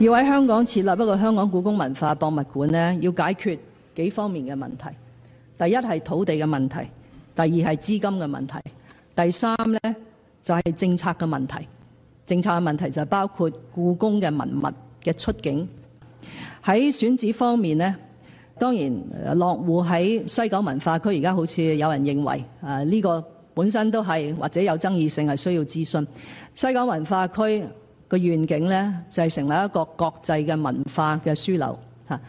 要喺香港設立一個香港故宮文化博物館咧，要解決幾方面嘅問題。第一係土地嘅問題，第二係資金嘅問題，第三咧就係、是、政策嘅問題。政策嘅問題就係包括故宮嘅文物嘅出境。喺選址方面咧，當然落戶喺西九文化區，而家好似有人認為啊，呢、這個本身都係或者有爭議性，係需要諮詢西九文化區。個願景咧，就係、是、成為一個國際嘅文化嘅樞紐嚇。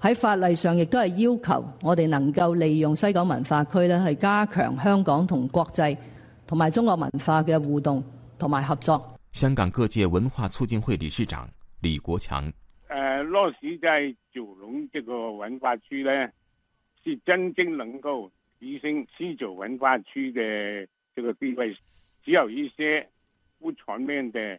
喺法例上亦都係要求我哋能夠利用西九文化區呢，係加強香港同國際同埋中國文化嘅互動同埋合作。香港各界文化促進會理事長李國強誒，落實、呃、在九龍這個文化區呢，是真正能夠提升西九文化區的這個地位。只有一些不全面的。